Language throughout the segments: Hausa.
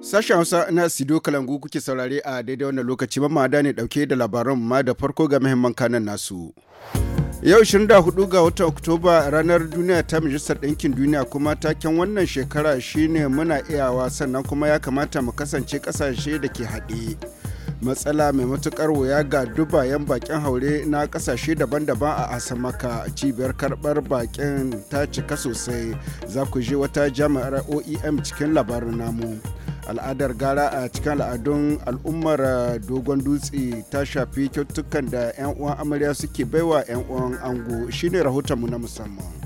Sashen Hausa na Sido Kalangu kuke saurare a daidai wannan lokaci mamada ne dauke da labaran ma da farko ga muhimman kanan nasu. Yau 24 ga watan Oktoba ranar duniya ta Majalisar Ɗinkin Duniya kuma taken wannan shekara shine muna iyawa sannan kuma ya kamata mu kasance ƙasashe da ke haɗe. matsala mai matukar wuya ga dubayen bakin haure na kasashe daban-daban a asamaka cibiyar karbar bakin ta cika sosai za ku je wata jami'ar oem cikin labarin namu al'adar gara a cikin al'adun al'ummar dogon dutse ta shafi kyautukan da 'yan uwan amarya suke baiwa 'yan uwan ango shine rahotonmu na musamman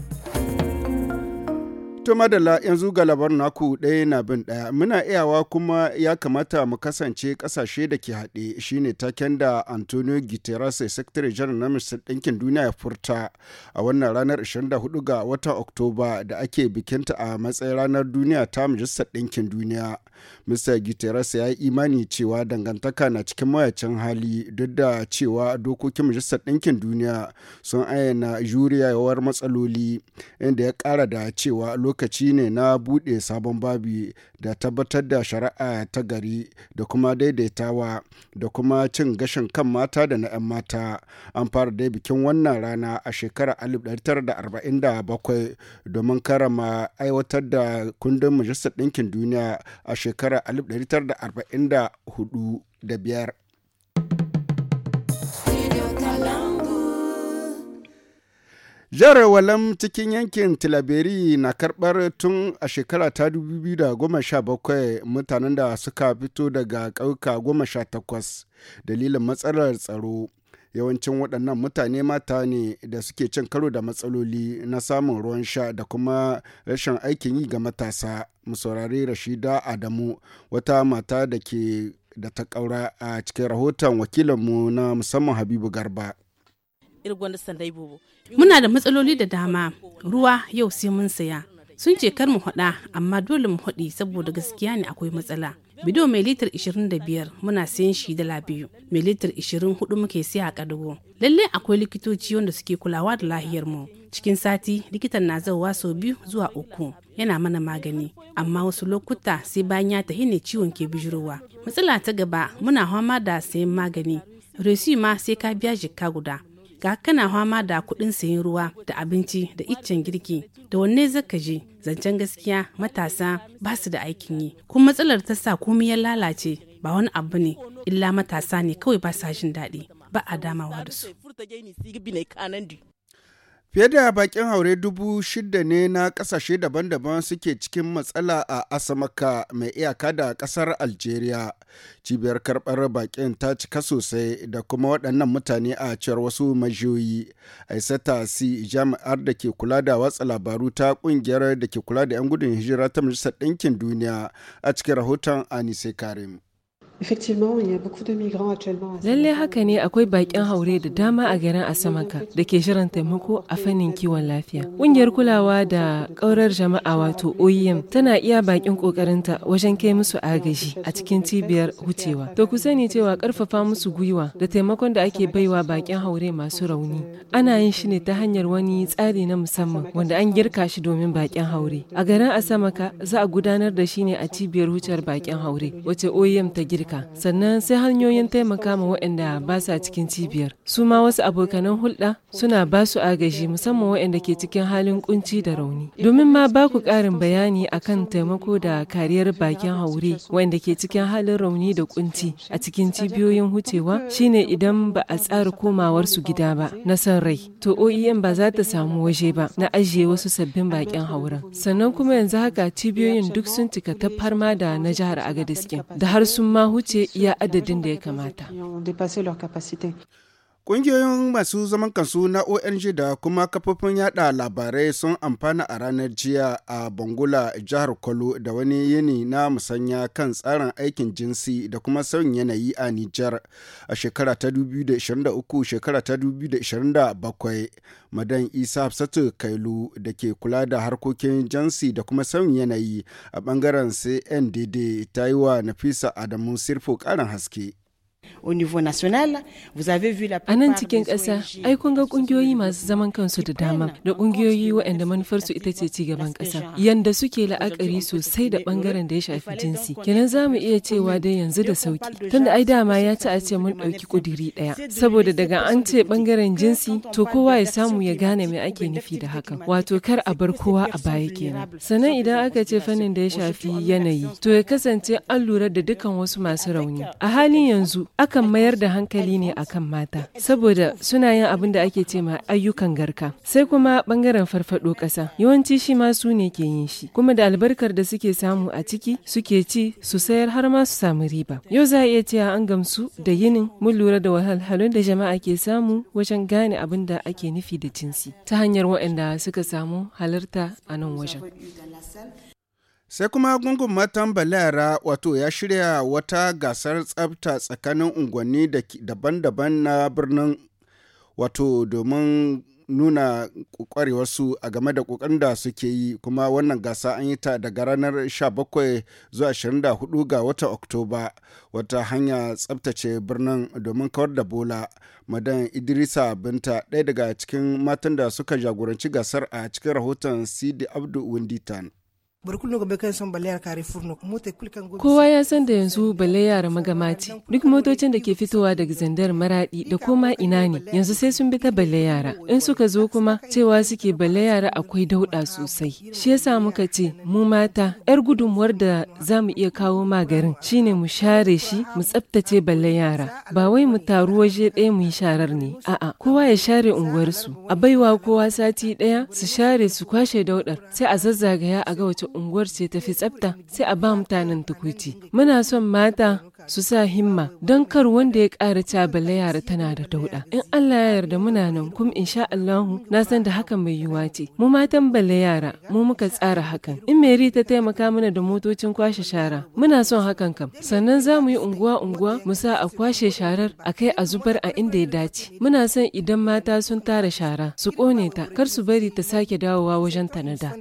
To madalla yanzu ga labar naku ɗaya na bin ɗaya muna iyawa kuma ya kamata mu kasance ƙasashe da ke haɗe shine taken da Antonio Guterres Secretary General na Majalisar Ɗinkin Duniya ya furta a wannan ranar 24 ga watan Oktoba da ake bikinta a matsayin ranar duniya ta Majalisar Ɗinkin Duniya. Mr. Guterres ya yi imani cewa dangantaka na cikin mayacin hali duk da cewa dokokin Majalisar Ɗinkin Duniya sun ayyana juriyawar matsaloli inda ya kara da cewa lokaci ne na buɗe sabon babi da tabbatar da shari'a ta gari da kuma daidaitawa da kuma cin gashin kan mata da na 'yan mata an fara dai bikin wannan rana a shekarar 1947 domin karama aiwatar da kundin majalisar ɗinkin duniya a shekarar 1945 biyar. Jihar Walam cikin yankin Tilaberi na karbar tun a shekara ta 2017 mutanen da suka fito daga ƙauka 18 dalilin matsalar tsaro. Yawancin waɗannan mutane mata ne da suke cin karo da matsaloli na samun ruwan sha da kuma rashin aikin yi ga matasa. Musaurari Rashida Adamu wata mata da ke da ta ƙaura a cikin rahoton wakilinmu na musamman Habibu Garba. muna da matsaloli da dama ruwa yau sai mun saya sun ce kar mu haɗa amma dole mu haɗi saboda gaskiya ne akwai matsala bido mai litar 25 muna sayan shi dala biyu mai litar 24 muke siya a kadugo lalle akwai likitoci wanda suke kulawa da lahiyar mu cikin sati likitan na zauwa sau biyu zuwa uku yana mana magani amma wasu lokuta sai bayan ya tahi ne ciwon ke bijirowa matsala ta gaba muna hama da sayan magani resi ma sai ka biya jikka guda ga kana fama da kuɗin sayen ruwa da abinci da iccen girki da wanne zaka je zancen gaskiya matasa ba su da aikin yi kuma matsalar ta sa komai ya lalace ba wani abu ne illa matasa ne kawai ba sa jin daɗi ba a damawa da su Fiye da bakin haure dubu shida ne na kasashe daban-daban suke cikin matsala a Asamaka mai iyaka da kasar Algeria. Cibiyar karɓar bakin ta cika sosai da kuma waɗannan mutane a cewar wasu majiyoyi. Aisata si jami'ar da ke kula da watsa labaru ta ƙungiyar da ke kula da 'yan gudun hijira ta Majalisar Ɗinkin Duniya a cikin rahoton Anise Karim. Lallai haka ne akwai bakin haure da dama a garin Asamaka da ke shirin taimako a fannin kiwon lafiya. Ƙungiyar kulawa da ƙaurar jama'a wato OEM tana iya bakin ƙoƙarinta wajen kai musu agaji a cikin cibiyar hucewa. To ku sani cewa ƙarfafa musu gwiwa da taimakon da ake baiwa bakin haure masu rauni. Ana yin shi ne ta hanyar wani tsari na musamman wanda an girka shi domin bakin haure. A garin Asamaka za a gudanar da shi ne a cibiyar hucewar bakin haure wacce OEM ta girka. sannan sai hanyoyin taimaka ma waɗanda ba sa cikin cibiyar su ma wasu abokanan hulɗa suna ba su agaji musamman waɗanda ke cikin halin kunci da rauni domin ma ba ku ƙarin bayani akan taimako da kariyar bakin haure waɗanda ke cikin halin rauni da kunci a cikin cibiyoyin hucewa shine idan ba a tsara komawarsu gida ba na san rai to oem ba za ta samu waje ba na ajiye wasu sabbin bakin hauren sannan kuma yanzu haka cibiyoyin duk sun cika ta farma da na jihar agadiskin da har sun ma wuce iya adadin da ya kamata. Ƙungiyoyin masu zaman kansu na ONG da kuma kafofin yada labarai sun amfana a ranar jiya a Bangula, jihar Kwalo da wani yini na musanya kan tsarin aikin jinsi da kuma sauyin yanayi a Nijar a shekara ta 2023 shekara ta 2027. Madan Isa Hafsatu Kailu da ke kula da harkokin jinsi da kuma sauyin yanayi a bangaren CNDD ta yi wa Nafisa Adamu Sirfo ƙarin haske. A nan cikin ƙasa, ai kun ga ƙungiyoyi masu zaman kansu da dama da ƙungiyoyi waɗanda manufarsu ita ce ci gaban ƙasa, yanda suke la'akari sosai da ɓangaren da ya shafi jinsi. Kenan za mu iya cewa dai yanzu da sauki, tunda ai dama ya ci a ce mun ɗauki ƙudiri ɗaya. Saboda daga an ce ɓangaren jinsi, to kowa ya samu ya gane me ake nufi da hakan. Wato kar a bar kowa a baya kenan. Sannan idan aka ce fannin da ya shafi yanayi, to ya kasance an lura da dukkan wasu masu rauni. A halin yanzu, akan mayar da hankali ne akan mata saboda suna yin abin da ake ce ayyukan garka sai kuma bangaren farfado ƙasa yawanci shi ma su ne ke yin shi kuma da albarkar da suke samu a ciki suke ci su sayar har ma su samu riba yau za a iya cewa an gamsu da yinin mun lura da wahalhalun da jama'a ke samu wajen gane abin da ake nufi da jinsi ta hanyar waɗanda suka samu halarta a nan wajen Sai kuma gungun matan Balara wato ya shirya wata gasar tsabta tsakanin unguwanni daban-daban na birnin wato domin nuna kwarewarsu a game da kokarin da suke yi kuma wannan gasa an yi ta daga ranar 17 zuwa 24 ga watan oktoba wata hanya tsabtace birnin domin kawar da bola madan idrisa binta ɗaya daga cikin matan da suka jagoranci gasar a cikin rahoton cd abdu winditan Kowa ya san da yanzu bale yara magamati duk motocin da ke fitowa daga zandar maradi da koma ina ne yanzu sai sun bi ta bale yara in suka zo kuma cewa suke bale yara akwai dauɗa sosai shi yasa muka ce mu mata yar gudunmuwar da za mu iya kawo ma garin shine mu share shi mu tsaftace bale yara ba wai mu taru waje ɗaya mu yi sharar ne a'a kowa ya share unguwarsu a baiwa kowa sati ɗaya su share su kwashe daudar sai a zazzagaya a ga wace unguwar ce tafi tsafta sai a ba mutanen tukuci muna son mata su sa himma don kar wanda ya ƙara cabala yara tana da dauɗa. In Allah ya yarda muna nan kuma insha Allahu na san da hakan mai yiwuwa ce. Mu matan balle yara mu muka tsara hakan. In Mary ta taimaka mana da motocin kwashe shara muna son hakan kam. Sannan za mu yi unguwa-unguwa mu sa a kwashe sharar a kai a zubar a inda ya dace. Muna son idan mata sun tara shara su kone ta kar su bari ta sake dawowa wajen tanada.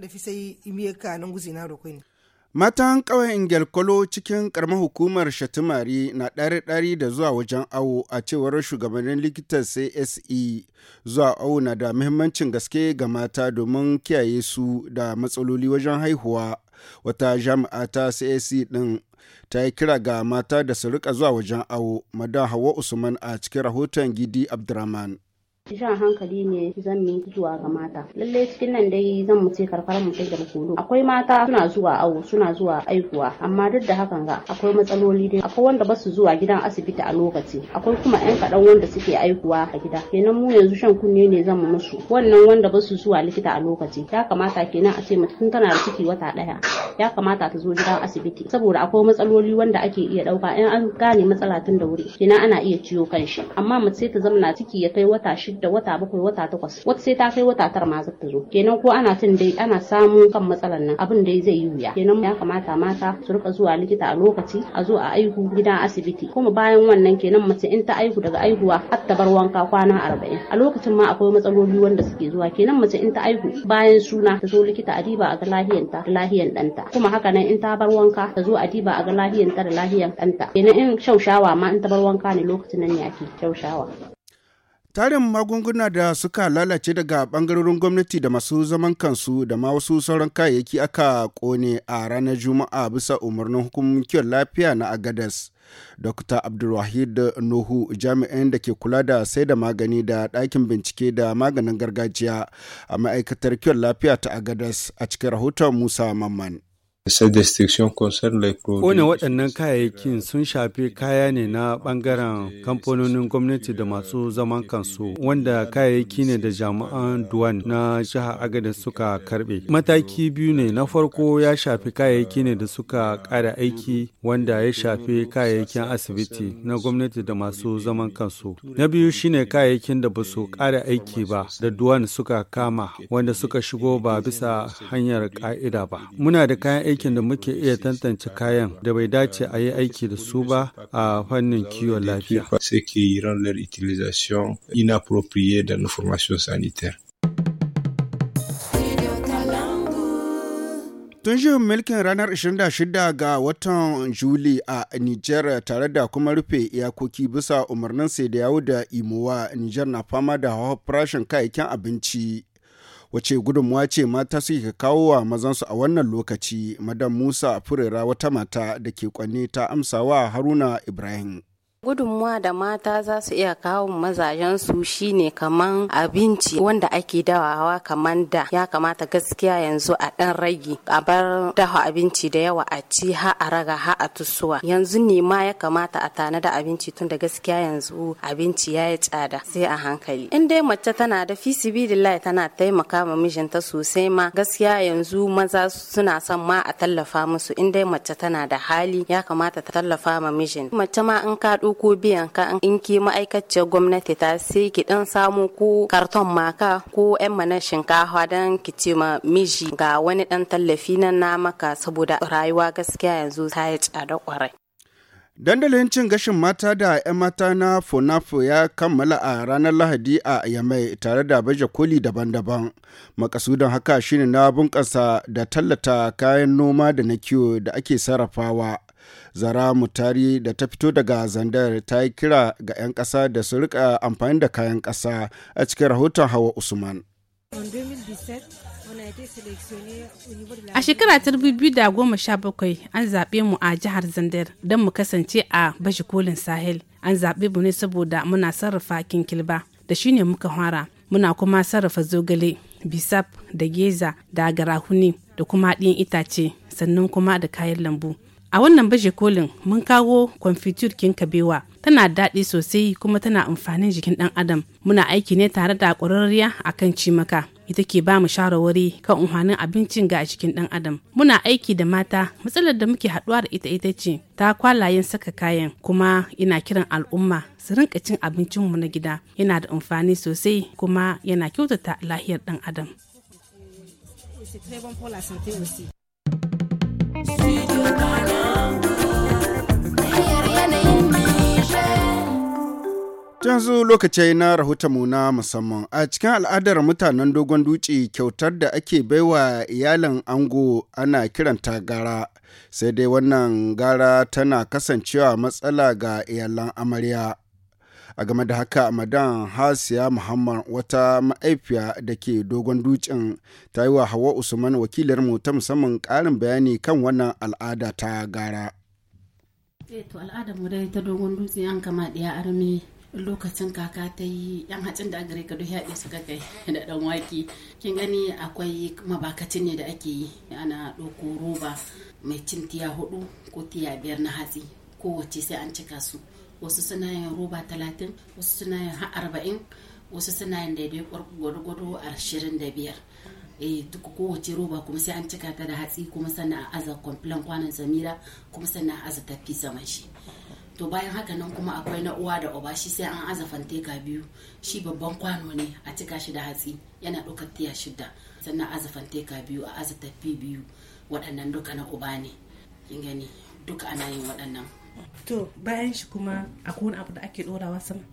Matan ƙauyen kolo cikin ƙaramar hukumar Shatimari na ɗari-ɗari da zuwa wajen awo a cewar shugabannin likitan CSE zuwa awo na da muhimmancin gaske ga mata domin kiyaye su da matsaloli wajen haihuwa. Wata jami'a ta CSE ɗin ta yi kira ga mata da su rika zuwa wajen awo, mada Hawa Usman a cikin rahoton Gidi Abdurrahman. jan hankali ne zan yi zuwa ga mata lalle cikin nan dai zan mu ce karkar mu da makolo akwai mata suna zuwa awo suna zuwa aikuwa. amma duk da hakan ga akwai matsaloli dai akwai wanda basu zuwa gidan asibiti a lokaci akwai kuma yan kadan wanda suke aikuwa a gida kenan mu yanzu shan kunne ne zan mu musu wannan wanda basu zuwa likita a lokaci ya kamata kenan a ce mutum tana da ciki wata daya ya kamata ta zo gidan asibiti saboda akwai matsaloli wanda ake iya ɗauka in an gane matsala tun da wuri kenan ana iya ciwo kan shi amma mace ta zamana ciki ya kai wata shi da wata bakwai wata takwas wata sai ta kai wata tara ma zata zo kenan ko ana tun dai ana samu kan matsalar nan abin dai zai yi wuya kenan ya kamata mata su rika zuwa likita a lokaci a zo a aihu gidan asibiti kuma bayan wannan kenan mace in ta aihu daga aihuwa har ta bar wanka kwana arba'in a lokacin ma akwai matsaloli wanda suke zuwa kenan mace in ta aihu bayan suna ta zo likita a diba a ga lahiyanta da lahiyan danta kuma haka nan in ta bar wanka ta zo a diba a ga ta da lahiyan danta kenan in shaushawa ma in ta bar wanka ne lokacin nan ne ake shaushawa Tarin magunguna da suka lalace daga bangarorin gwamnati da masu zaman kansu da ma wasu sauran kayayyaki aka kone a ranar Juma'a bisa umarnin hukumar kiwon lafiya na Agadas. Dr. Abdulwahid Nuhu jami'in da ke kula da sai da magani da ɗakin bincike da maganin gargajiya a ma'aikatar kiwon lafiya ta Agadas a cikin rahoton Musa Mamman. Kone waɗannan kayayyakin sun shafi kaya ne na ɓangaren kamfanonin gwamnati da masu zaman kansu wanda kayayyaki ne da jami'an Duwan na jihar Agada suka karɓe. Mataki biyu ne na farko ya shafi kayayyaki ne da suka ƙara aiki wanda ya shafi kayayyakin asibiti na gwamnati da masu zaman kansu. Na biyu shine kayayyakin da ba su ƙara aiki ba da Duwan suka kama wanda suka shigo ba bisa hanyar ƙa'ida ba. Muna da kayan aikin da muke iya tantance kayan da bai dace a yi aiki da su ba a fannin kiwon lafiya. Tun shirin mulkin ranar 26 ga watan Juli a Nijar tare da kuma rufe iyakoki bisa umarnin sai da yawo da imowa Nijar na fama da hawa farashin kayayyakin abinci. wace gudunmuwa ce mata suke kawo wa mazansu a wannan lokaci madam musa furera wata mata da ke kwanne ta amsawa haruna ibrahim gudunmuwa da mata za su iya kawo mazajensu shine kaman abinci wanda ake dawawa kaman da ya kamata gaskiya yanzu a ɗan rage a bar dawa abinci da yawa a ci ha a raga ha a tusuwa yanzu ne ma ya kamata a tana da abinci tun da gaskiya yanzu abinci ya yi tsada sai a hankali in dai mace tana da fisibilillahi tana taimaka ma mijinta sosai ma gaskiya yanzu maza suna son ma a tallafa musu in dai mace tana da hali ya kamata ta tallafa ma mijin mace ma in ka ko biyan ka in ki ma'aikaciyar gwamnati ta sai ki dan samu ko karton maka ko yan mana shinkafa dan ki ce ma miji ga wani dan tallafi na namaka saboda rayuwa gaskiya yanzu ta yi tsada kwarai Dandalin cin gashin mata da 'yan mata na FONAFO ya kammala a ranar Lahadi a Yamai tare da baje koli daban-daban. Makasudan haka shine na bunkasa da tallata kayan noma da na kiwo da ake sarrafawa. Zara tari da ta fito daga Zandar ta yi kira ga 'yan ƙasa da su rika amfani da kayan kasa a cikin rahoton Hawa Usman. A shekara ta da goma sha bakwai an zaɓe mu a jihar Zandar don mu kasance a bashi kolin sahel. An zaɓe mu ne saboda muna sarrafa kinkilba da shine muka fara. Muna kuma sarrafa zogale, bisap da geza da garahuni da kuma ɗin itace sannan kuma da kayan lambu. A wannan baje kolin mun kawo kwamfitur kin kabewa tana daɗi sosai kuma tana amfanin jikin ɗan adam muna aiki ne tare da ƙwararriya a kan cimaka ita ke ba mu shawarwari kan umarnin abincin ga a jikin ɗan adam muna aiki da mata matsalar da muke haɗuwa da ita ita ce ta kwalayen saka kayan kuma ina kiran al'umma su rinka cin abincinmu na gida yana da amfani sosai kuma yana kyautata lahiyar ɗan adam. Studio yanzu lokacin na mu na musamman a cikin al'adar mutanen dogon dutse kyautar da ake baiwa iyalin ango ana kiranta gara sai dai wannan gara tana kasancewa matsala ga iyalan amarya a game da haka madan hasiya muhammad wata ma'aifiya da ke dogon ducin ta yi wa hawa usman wakilarmu ta musamman karin bayani kan wannan al'ada ta gara. Eh, to al'adar mu dai ta dogon dutse an kama ɗaya armi lokacin kaka ta yi yan hatsin da agare ka su ka kai da dan waki kin gani akwai mabakacin ne da ake yi ana ɗauko roba mai cin tiya hudu ko tiya biyar na hatsi kowace sai an cika su wasu suna yin roba talatin wasu suna yin har arba'in wasu suna yin daidai gwargwado ashirin da biyar eh duk kowace roba kuma sai an cika ta da hatsi kuma sannan a aza kwanan zamira kuma sannan a aza tafi zaman shi to bayan haka nan kuma akwai na uwa da uba shi sai an aza ka biyu shi babban kwano ne a cika shi da hatsi yana ɗaukar tiya shida sannan aza ka biyu a azatafi biyu waɗannan duka na uba ne kin gani duka ana yin waɗannan to bayan shi kuma akwai wani abu da ake ɗorawa sama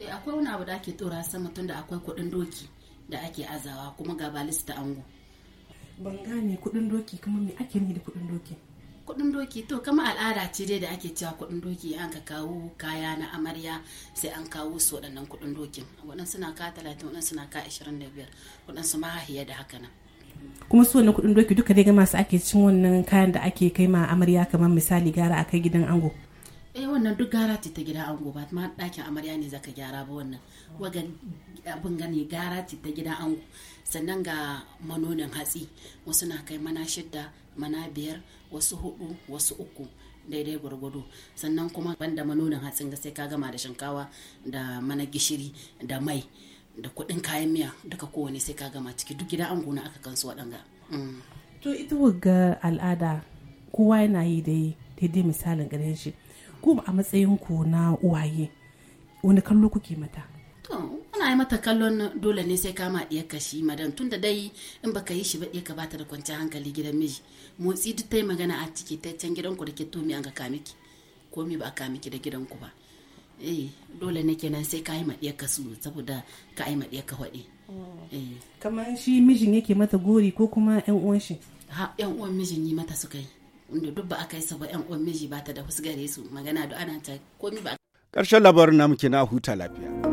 eh akwai wani abu da ake dora sama tunda akwai kuɗin doki da ake azawa kuma ga balista ango ban gane kuɗin doki kuma me ake ni da kuɗin doki kudin doki to kama al'ada ce dai da ake cewa kudin doki an ka kawo kaya na amarya sai an kawo su waɗannan kudin dokin waɗansu na ka talatin waɗansu na ka ashirin da biyar waɗansu ma hahiya da haka nan kuma su wannan kudin doki duka dai ga masu ake cin wannan kayan da ake kai ma amarya kamar misali gara a kai gidan ango eh wannan duk gara ce ta gidan ango ba ma ɗakin amarya ne zaka gyara ba wannan wagan abin gani gara ce ta gidan ango sannan ga manonin hatsi wasu na kai mana shidda mana biyar wasu hudu wasu uku daidai gwargwado sannan kuma banda manonin hatsin ga sai ka gama da shinkawa da mana gishiri da mai da kuɗin kayan miya duka kowane sai ka gama ciki duk gida an gona aka kansu waɗanga. Mm. to ita wagga al'ada kowa yana yi dai daidai misalin ganin shi kuma a matsayin ku na uwaye wani kallo kuke mata kana yi mata kallon dole ne sai kama iya kashi madan tun da dai in baka yi shi ba iya ka bata da kwanciyar hankali gidan miji motsi duk ta yi magana a ciki ta can gidan ku da ke tomi an ka kamiki ko mi ba a kamiki da gidan ku ba eh dole ne kenan sai ka yi ma iya kasu saboda ka yi ma iya ka waɗe. Oh. Eh. kamar shi mijin yake mata gori ko kuma yan uwan shi. ha yan uwan mijin yi mata su kai inda duk ba aka yi sabo yan uwan miji ba ta da husgare su magana da ana ta komi ba. karshen labarin namu kenan huta lafiya.